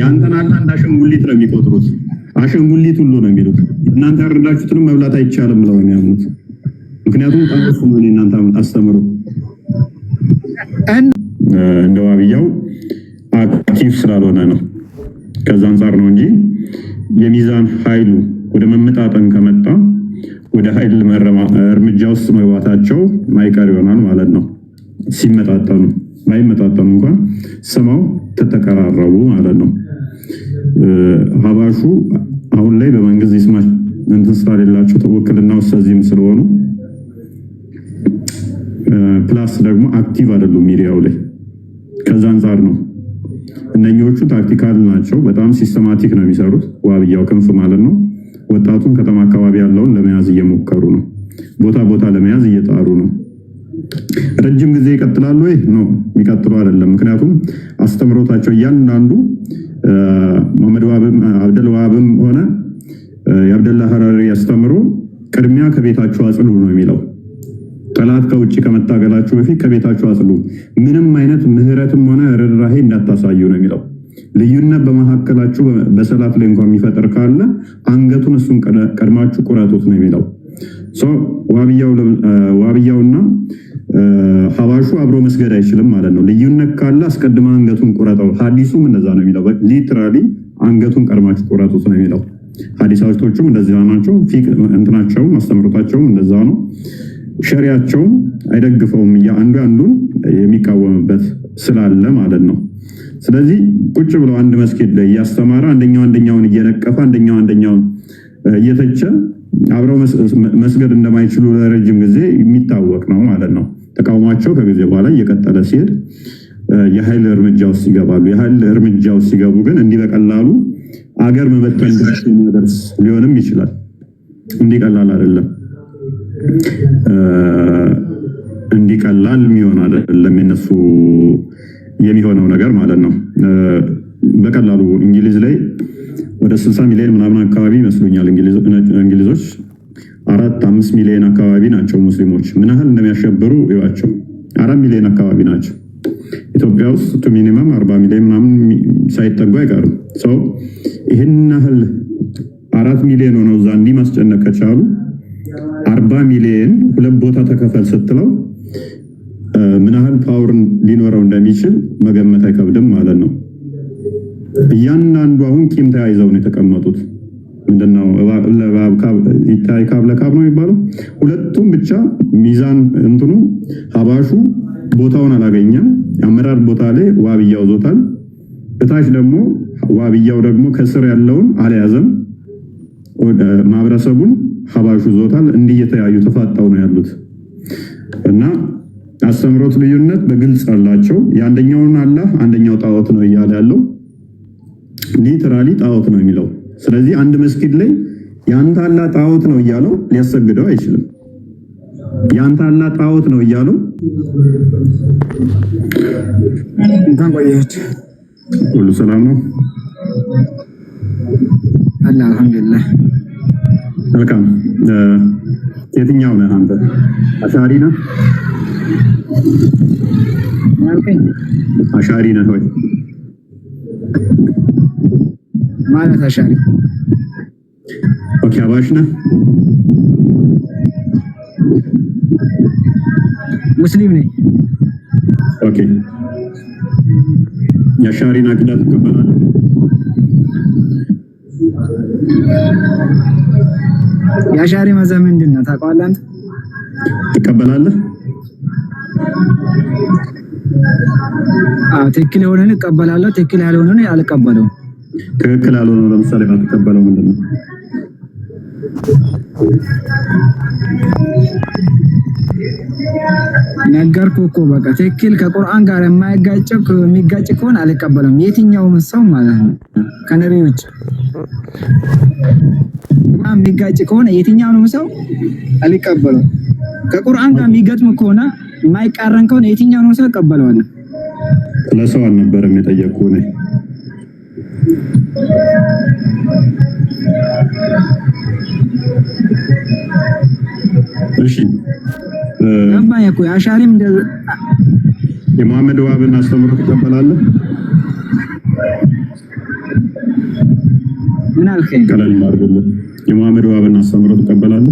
ያንተን አላህ እንደ አሸንጉሊት ነው የሚቆጥሩት። አሸንጉሊት ሁሉ ነው የሚሉት። እናንተ ያረዳችሁትንም መብላት አይቻልም ብለው የሚያምኑት። ምክንያቱም ጣሱ ሆን እናንተ አስተምሩ እንደ ዋብያው አክቲቭ ስላልሆነ ነው። ከዛ አንጻር ነው እንጂ የሚዛን ኃይሉ ወደ መመጣጠን ከመጣ ወደ ኃይል እርምጃ ውስጥ መግባታቸው ማይቀር ይሆናል ማለት ነው። ሲመጣጠኑ ባይመጣጠኑ እንኳን ስማው ተቀራረቡ ማለት ነው። ሀባሹ አሁን ላይ በመንግስት ይስማ እንትን ስላሌላቸው ተወክልና ውስተዚህም ስለሆኑ ፕላስ ደግሞ አክቲቭ አይደሉም ሚዲያው ላይ ከዛ አንጻር ነው። እነኞቹ ታክቲካል ናቸው። በጣም ሲስተማቲክ ነው የሚሰሩት። ዋብያው ክንፍ ማለት ነው። ወጣቱን ከተማ አካባቢ ያለውን ለመያዝ እየሞከሩ ነው። ቦታ ቦታ ለመያዝ እየጣሩ ነው። ረጅም ጊዜ ይቀጥላሉ ወይ? ነው የሚቀጥሉ አይደለም። ምክንያቱም አስተምሮታቸው እያንዳንዱ መሐመድ ዋብም አብደል ዋብም ሆነ የአብደላ ሀራሪ አስተምሮ ቅድሚያ ከቤታችሁ አጽሉ ነው የሚለው። ጠላት ከውጭ ከመታገላችሁ በፊት ከቤታችሁ አጽሉ ምንም አይነት ምህረትም ሆነ ረድራሄ እንዳታሳዩ ነው የሚለው። ልዩነት በመካከላችሁ በሰላት ላይ እንኳን የሚፈጥር ካለ አንገቱን እሱን ቀድማችሁ ቁረጡት ነው የሚለው ዋብያውና ሀባሹ አብሮ መስገድ አይችልም ማለት ነው። ልዩነት ካለ አስቀድመ አንገቱን ቁረጠው። ሀዲሱም እንደዛ ነው የሚለው። ሊትራሊ አንገቱን ቀድማችሁ ቁረጡት ነው የሚለው። ሀዲሳቶቹም እንደዚያ ናቸው። ፊቅ እንትናቸውም አስተምሮታቸውም እንደዛ ነው። ሸሪያቸውም አይደግፈውም። አንዱ አንዱን የሚቃወምበት ስላለ ማለት ነው። ስለዚህ ቁጭ ብለው አንድ መስጊድ ላይ እያስተማረ አንደኛው አንደኛውን እየነቀፈ አንደኛው አንደኛውን እየተቸ አብረው መስገድ እንደማይችሉ ለረጅም ጊዜ የሚታወቅ ነው ማለት ነው። ተቃውሟቸው ከጊዜ በኋላ እየቀጠለ ሲሄድ የኃይል እርምጃ ውስጥ ይገባሉ። የኃይል እርምጃ ውስጥ ሲገቡ ግን እንዲህ በቀላሉ አገር መበተን የሚያደርስ ሊሆንም ይችላል። እንዲህ ቀላል አይደለም። እንዲህ ቀላል የሚሆን አይደለም የነሱ የሚሆነው ነገር ማለት ነው። በቀላሉ እንግሊዝ ላይ ወደ 60 ሚሊዮን ምናምን አካባቢ ይመስሉኛል እንግሊዞች አራት አምስት ሚሊዮን አካባቢ ናቸው ሙስሊሞች። ምን ያህል እንደሚያሸብሩ ይዋቸው። አራት ሚሊዮን አካባቢ ናቸው። ኢትዮጵያ ውስጥ ቱ ሚኒመም አርባ ሚሊዮን ምናምን ሳይጠጉ አይቀርም። ሰው ይህን ያህል አራት ሚሊዮን ሆነው እዛ እንዲህ ማስጨነቅ ከቻሉ አርባ ሚሊዮን ሁለት ቦታ ተከፈል ስትለው ምን ያህል ፓወር ሊኖረው እንደሚችል መገመት አይከብድም ማለት ነው። እያንዳንዱ አሁን ቂም ተያይዘው ነው የተቀመጡት። ምንድነው ይታይ ለካብ ነው የሚባለው። ሁለቱም ብቻ ሚዛን እንትኑ ሀባሹ ቦታውን አላገኘም። አመራር ቦታ ላይ ዋብያው ዞታል። እታች ደግሞ ዋብያው ደግሞ ከስር ያለውን አልያዘም። ማህበረሰቡን ሀባሹ ዞታል። እንዲህ እየተያዩ ተፋጣው ነው ያሉት እና አስተምሮት ልዩነት በግልጽ አላቸው። የአንደኛውን አላህ አንደኛው ጣዖት ነው እያለ ያለው ሊትራሊ ጣዖት ነው የሚለው። ስለዚህ አንድ መስጊድ ላይ የአንተ አላህ ጣዖት ነው እያለው ሊያሰግደው አይችልም። የአንተ አላህ ጣዖት ነው እያለው እንኳን ቆያችሁ። ሁሉ ሰላም ነው አለ አልሐምዱሊላህ። መልካም የትኛው ነህ አንተ? አሻሪ ነህ? አሻሪ ነህ ወይ? ማለት አሻሪ ኦኬ፣ አባሽ ሙስሊም ነኝ። ኦኬ፣ የአሻሪን አቂዳ ትቀበላለህ? የአሻሪ መዘህ ምንድን ነው ታውቀዋለህ? አንተ ትቀበላለህ? ትክክል የሆነን እቀበላለሁ፣ ትክክል ያልሆነን አልቀበለውም። ትክክል አልሆነው ለምሳሌ ባትቀበለው ምንድን ነው? ነገርኩ እኮ በቃ ትክክል ከቁርአን ጋር የማይጋጭ የሚጋጭ ከሆነ አልቀበለም። የትኛውም ሰው ማለት ነው ከነቢ ውጭ የሚጋጭ ከሆነ የትኛውንም ሰው አልቀበለም። ከቁርአን ጋር የሚገጥም ከሆነ የማይቃረን ከሆነ የትኛውንም ሰው እቀበለዋለሁ። ለሰው አልነበረም የጠየቁ ነኝ እሺ ገባኝ እኮ አሻሪም የመሐመድ ዋብን አስተምሮ ትቀበላለህ? ምን አልከኝ? ቀለል አድርጎልህ የመሐመድ ዋብን አስተምሮ ትቀበላለህ?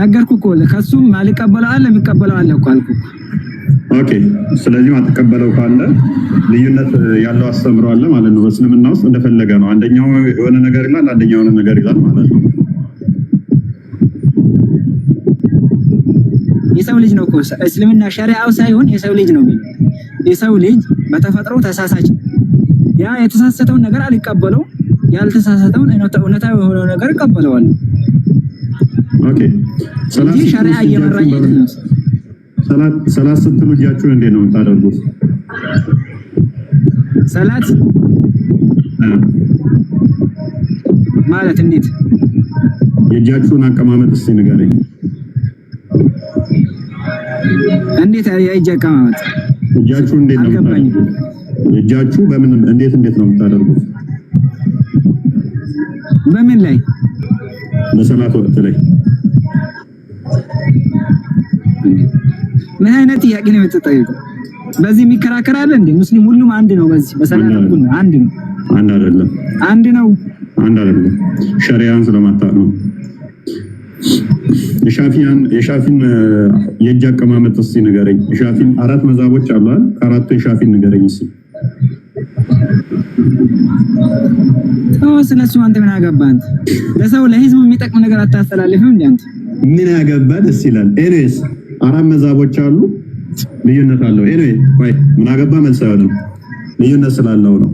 ነገርኩ እኮ ከሱም ማልቀበለው አለ የሚቀበለው አለ እኮ አልኩ። ኦኬ ስለዚህ ማትቀበለው ካለ ልዩነት ያለው አስተምሮ አለ ማለት ነው። በእስልምና ውስጥ እንደፈለገ ነው። አንደኛው የሆነ ነገር ይላል፣ አንደኛው የሆነ ነገር ይላል ማለት ነው። የሰው ልጅ ነው እኮ እስልምና ሸሪዓው ሳይሆን የሰው ልጅ ነው። የሰው ልጅ በተፈጥሮ ተሳሳች፣ ያ የተሳሳተውን ነገር አልቀበለው፣ ያልተሳሳተውን እውነታዊ የሆነው ነገር እቀበለዋለሁ። ሸሪያ እየመራኝ አይደለም። ሰላት ስትሉ እጃችሁን እንዴት ነው የምታደርጉት? ሰላት ማለት እንዴት? የእጃችሁን አቀማመጥ እስኪ ንገረኝ። እንዴት የእጅ አቀማመጥ? እጃችሁ እንዴት ነው የምታደርጉት? እጃችሁ በምን እንዴት እንዴት ነው የምታደርጉት? በምን ላይ? በሰላት ወቅት ላይ ምን አይነት ጥያቄ ነው የምትጠይቀው? በዚህ የሚከራከር አለ እንዴ? ሙስሊም ሁሉም አንድ ነው። በዚህ በሰላም ሁሉ አንድ ነው። አንድ አይደለም። አንድ ነው። አንድ አይደለም። ሸሪያን ስለማታውቅ ነው። የሻፊያን የሻፊን የእጅ አቀማመጥ እስቲ ንገረኝ። የሻፊን አራት መዛቦች አሏል። ከአራቱ የሻፊን ንገረኝ እስቲ። ስለሱ አንተ ምን አገባህ? ለሰው ለህዝቡ የሚጠቅም ነገር አታስተላልፍም እንዴ አንተ? ምን ያገባ ደስ ይላል። ኤኒዌይስ አራት መዛቦች አሉ፣ ልዩነት አለው። ኤኒዌይ ቆይ ምን ያገባ መልስ አይሆንም፣ ልዩነት ስላለው ነው።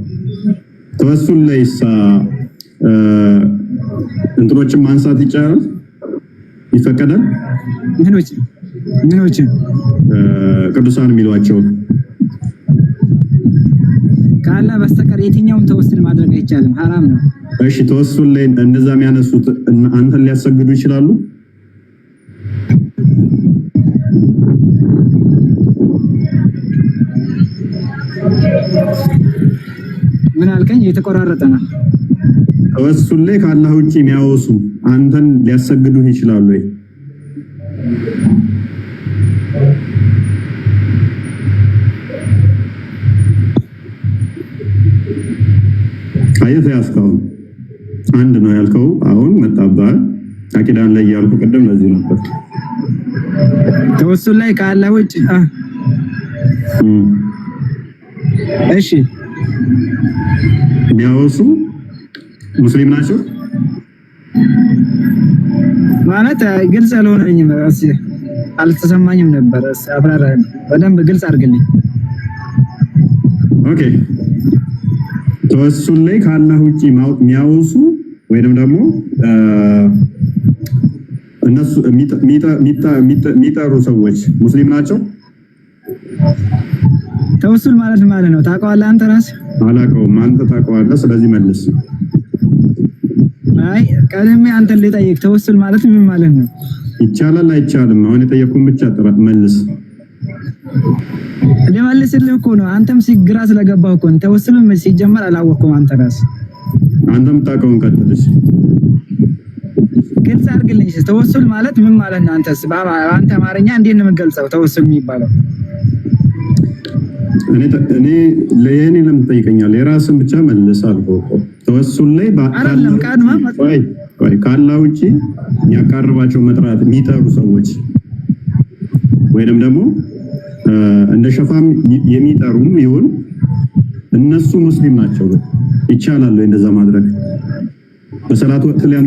ተወሱል ላይሳ እንትኖችን ማንሳት ይቻላል፣ ይፈቀዳል። ምኖች ምኖች ቅዱሳን የሚሏቸው ካለ በስተቀር የትኛውም ተወስል ማድረግ አይቻልም፣ ሀራም ነው። እሺ ተወሱል ላይ እንደዛ የሚያነሱት አንተን ሊያሰግዱ ይችላሉ። ያልከኝ የተቆራረጠ ነው። ተወሱል ላይ ከአላህ ውጭ የሚያወሱ አንተን ሊያሰግዱ ይችላሉ ወይ? አየት ያስካው አንድ ነው ያልከው፣ አሁን መጣባል አቂዳን ላይ ያልኩ ቀደም ለዚህ ነበር። ተወሱል ላይ ከአላህ ውጭ እሺ የሚያወሱ ሙስሊም ናቸው ማለት ግልጽ አልሆነኝም፣ አልተሰማኝም ነበር። አብራራ በደንብ ግልጽ አድርግልኝ። ኦኬ ተወሱል ላይ ከአላህ ውጪ የሚያወሱ ወይንም ደግሞ እነሱ የሚጠሩ ሰዎች ሙስሊም ናቸው ተወሱል ማለት ማለት ነው። ታውቀዋለህ አንተ ራስህ። አላውቀውም፣ አንተ ታውቀዋለህ። ስለዚህ መልስ። አይ ቀድሜ አንተን ልጠይቅ። ተወሱል ማለት ምን ማለት ነው? ይቻላል አይቻልም? አሁን የጠየኩህን ብቻ ጥራት መልስ። ልመልስልህ እኮ ነው። አንተም ሲግራ ስለገባህ እኮ ነው። ተወሱልም ሲጀመር አላወቅኩም። አንተ ራስህ አንተም ታውቀውን ቀጥልሽ ግልጽ አድርግልኝ። ተወሱል ማለት ምን ማለት ነው? አንተስ በአንተ አማርኛ እንዴት ነው የምገልጸው? ተወሱል የሚባለው እኔ ለየኔ ለምን ትጠይቀኛለህ? የራስን ብቻ መልስ። አልፎቆ ተወሱል ላይ ካላ ውጭ የሚያቃርባቸው መጥራት የሚጠሩ ሰዎች ወይንም ደግሞ እንደ ሸፋም የሚጠሩም ይሁን እነሱ ሙስሊም ናቸው። ይቻላል እንደዛ ማድረግ በሰላት ወቅት ላይ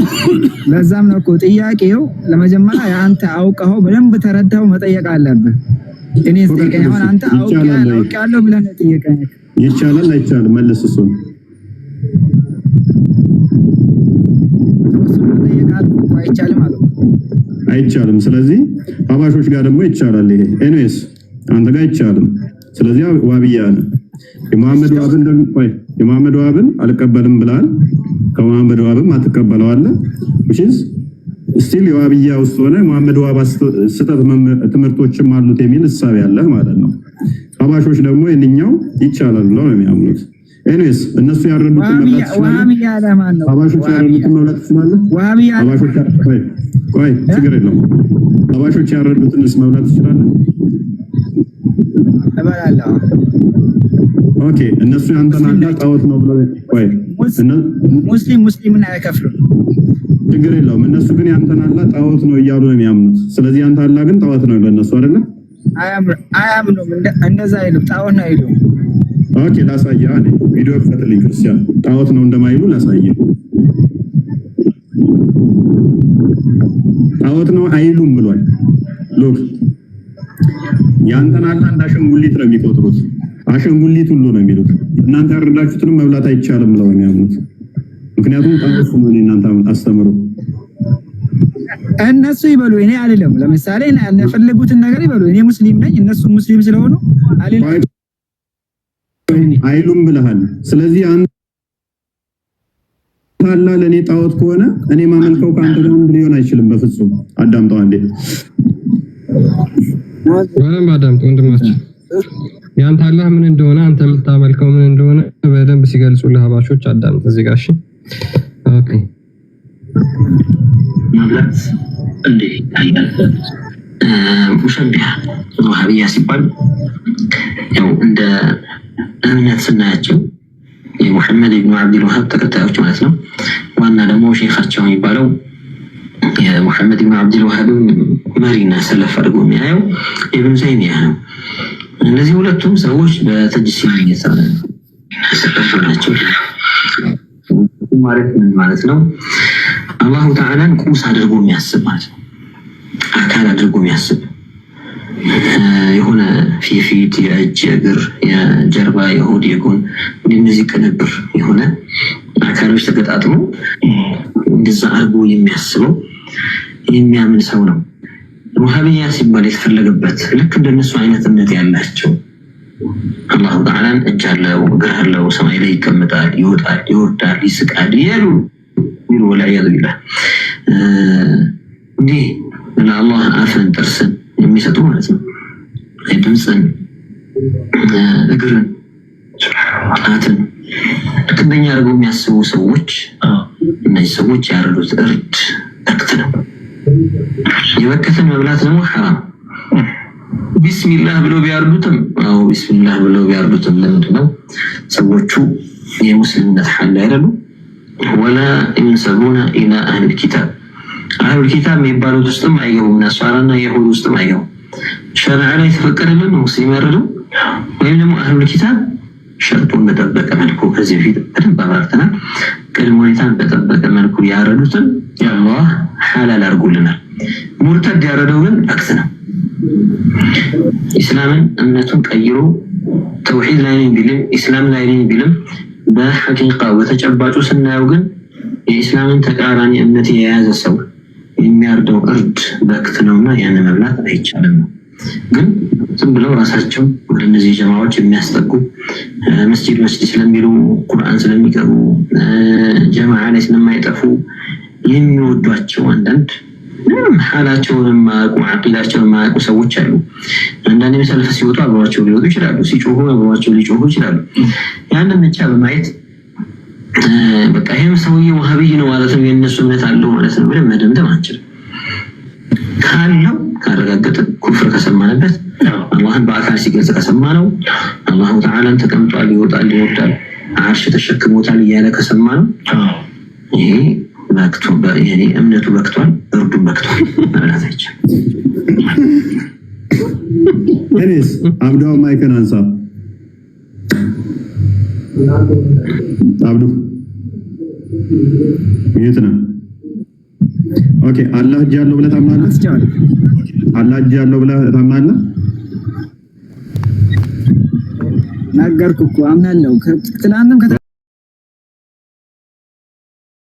ለዛም ነው እኮ ጥያቄው። ለመጀመሪያ የአንተ አውቀኸው በደንብ ተረዳኸው መጠየቅ አለብህ። እኔ አንተ አውቄያለሁ ብለህ ነው የጠየቀኝ። ይቻላል አይቻልም? መልስ እሱን አይቻልም ስለዚህ ሀባሾች ጋር ደግሞ ይቻላል። ይሄ ኤንዌስ አንተ ጋር አይቻልም። ስለዚህ ዋብያ ነው የመሐመድ ዋብን ደግሞ የመሐመድ ዋብን አልቀበልም ብላል። ከመሐመድ ዋብም አትቀበለዋለህ ስቲል የዋብያ ውስጥ ሆነ መሐመድ ዋባ ስህተት ትምህርቶችም አሉት የሚል እሳቤ ያለ ማለት ነው። ሀባሾች ደግሞ የንኛው ይቻላል ብለው ነው የሚያምኑት። ኤኒዌይስ እነሱ ያረዱትን መብላት ትችላለህ፣ መብላት ትችላለህ። ቆይ ችግር የለውም። ሀባሾች ያረዱትንስ መብላት ትችላለህ። ኦኬ እነሱ ያንተን አላ ጣዖት ነው ብለው ቆይ ሙስሊም ሙስሊምን አይከፍሉም። ችግር የለውም። እነሱ ግን ያንተን አላ ጣዖት ነው እያሉ ነው የሚያምኑት። ስለዚህ ያንተ አላ ግን ጣዖት ነው ለእነሱ አይደለ? አያምኑም። እንደዛ አይሉም። ጣዖት ነው አይሉም። ኦኬ፣ ላሳየህ። እኔ ቪዲዮ ክፈትልኝ ክርስቲያን። ጣዖት ነው እንደማይሉ ላሳየህ። ጣዖት ነው አይሉም ኦኬ ላሳየህ ቪዲዮ ክርስቲያን ጣዖት ነው እንደማይሉ ጣዖት ነው አይሉም ብሏል ሎክ ያንተን አላህ እንዳሸንጉሊት ነው የሚቆጥሩት አሸንጉሊት ሁሉ ነው የሚሉት። እናንተ ያረዳችሁትንም መብላት አይቻልም ብለው የሚያምኑት ምክንያቱም ነው እናንተ አስተምሩ እነሱ ይበሉ፣ እኔ አልለም ለምሳሌ የፈለጉትን ነገር ይበሉ፣ እኔ ሙስሊም ነኝ፣ እነሱ ሙስሊም ስለሆኑ አይሉም ብለሃል። ስለዚህ አንታላ ለእኔ ጣዖት ከሆነ እኔ ማመልከው ከአንተ ጋር ሊሆን አይችልም። በፍጹም አዳምጠው፣ አንዴ በደንብ አዳምጠው ወንድማችን የአንተ አላህ ምን እንደሆነ አንተ የምታመልከው ምን እንደሆነ በደንብ ሲገልጹ አባሾች አዳምጥ። እዚህ ጋር እሺ፣ መብላት እንዴ ይታያል። ሙሸቢያ ውሃብያ ሲባል ያው እንደ እምነት ስናያቸው የሙሐመድ ብኑ አብዱልዋሃብ ተከታዮች ማለት ነው። ዋና ደግሞ ሼኻቸው የሚባለው የሙሐመድ ብኑ አብዱልዋሃብ መሪና ሰለፍ አድርጎ የሚያየው ኢብኑ ተይሚያ ነው። እነዚህ ሁለቱም ሰዎች በተጅ ሲሆን ናቸው ማለት ምን ማለት ነው? አላሁ ተዓላን ቁስ አድርጎ የሚያስብ ማለት ነው። አካል አድርጎ የሚያስብ የሆነ ፊፊት፣ የእጅ፣ የእግር፣ የጀርባ፣ የሆድ፣ የጎን እንደነዚህ ቅንብር የሆነ አካሎች ተገጣጥሞ እንደዛ አድርጎ የሚያስበው የሚያምን ሰው ነው። ውሃብያ ሲባል የተፈለገበት ልክ እንደነሱ አይነት እምነት ያላቸው አላሁ ተዓላን እጅ አለው እግር አለው ሰማይ ላይ ይቀመጣል፣ ይወጣል፣ ይወርዳል፣ ይስቃል ይሉ ሚሉ ወላያዝ ቢላ እንዲህ ለአላህ አፍን ጥርስን የሚሰጡ ማለት ነው። ድምፅን፣ እግርን፣ ጣትን ልክ እንደኛ አድርገው የሚያስቡ ሰዎች እነዚህ ሰዎች ያረዱት እርድ ነው። የበከተ መብላት ደግሞ ሐራም። ቢስሚላህ ብሎ ቢያርዱትም አዎ ቢስሚላህ ብሎ ቢያርዱትም ለምንድን ነው ሰዎቹ የሙስሊምነት ሐል አይደሉ? ወላ ይንሰቡና ኢላ አህል ኪታብ አህል ኪታብ የሚባሉት ውስጥም አይገቡም። ነሷራና የሁድ ውስጥም አይገቡም። ሸርዓ ላይ ተፈቀደልን ሙስሊም ያረደው ወይም ደግሞ አህል ኪታብ ሸርጡን በጠበቀ መልኩ ከዚህ በፊት በደንብ አብራርተናል። ቅድመ ሁኔታን በጠበቀ መልኩ ያረዱትን የአላህ ሐላል አድርጎልናል። ሙርተድ ያረደው ግን አክስ ነው። ኢስላምን እምነቱን ቀይሮ ተውሒድ ላይ ነኝ ቢልም ኢስላም ላይ ነኝ ቢልም በሐቂቃ በተጨባጩ ስናየው ግን የኢስላምን ተቃራኒ እምነት የያዘ ሰው የሚያርደው እርድ በክት ነውና ያን መብላት አይቻልም ነው። ግን ዝም ብለው ራሳቸው እነዚህ ጀማዎች የሚያስጠጉ መስጂድ መስጂድ ስለሚሉ ቁርአን ስለሚቀሩ ጀማ ላይ ስለማይጠፉ የሚወዷቸው አንዳንድ ሀላቸውን የማያውቁ አቂዳቸውን የማያውቁ ሰዎች አሉ። አንዳንድ የመሰለፈ ሲወጡ አብሯቸው ሊወጡ ይችላሉ። ሲጮሁ አብሯቸው ሊጮሁ ይችላሉ። ያንን ብቻ በማየት በቃ ይህም ሰውዬ ዋህብይ ነው ማለት ነው የእነሱ እምነት አለው ማለት ነው ብለን መደምደም አንችልም ካለው ካረጋገጥን ኩፍር ከሰማንበት አላህን በአካል ሲገልጽ ከሰማ ነው። አላሁ ተዓላን ተቀምጧል፣ ይወጣል፣ ይወርዳል፣ አርሽ ተሸክሞታል እያለ ከሰማ ነው። ይሄ እምነቱ በክቷል፣ እርዱም በክቷል ማለት አይቻልም። እኔስ አብዳው ማይከን አንሳ አብዱ የት ነው? ኦኬ አላህ እጅ አለው ብለህ ታምናለህ? አላህ እጅ አለው ብለህ ታምናለህ? እኮ አምናለሁ። ትናንትም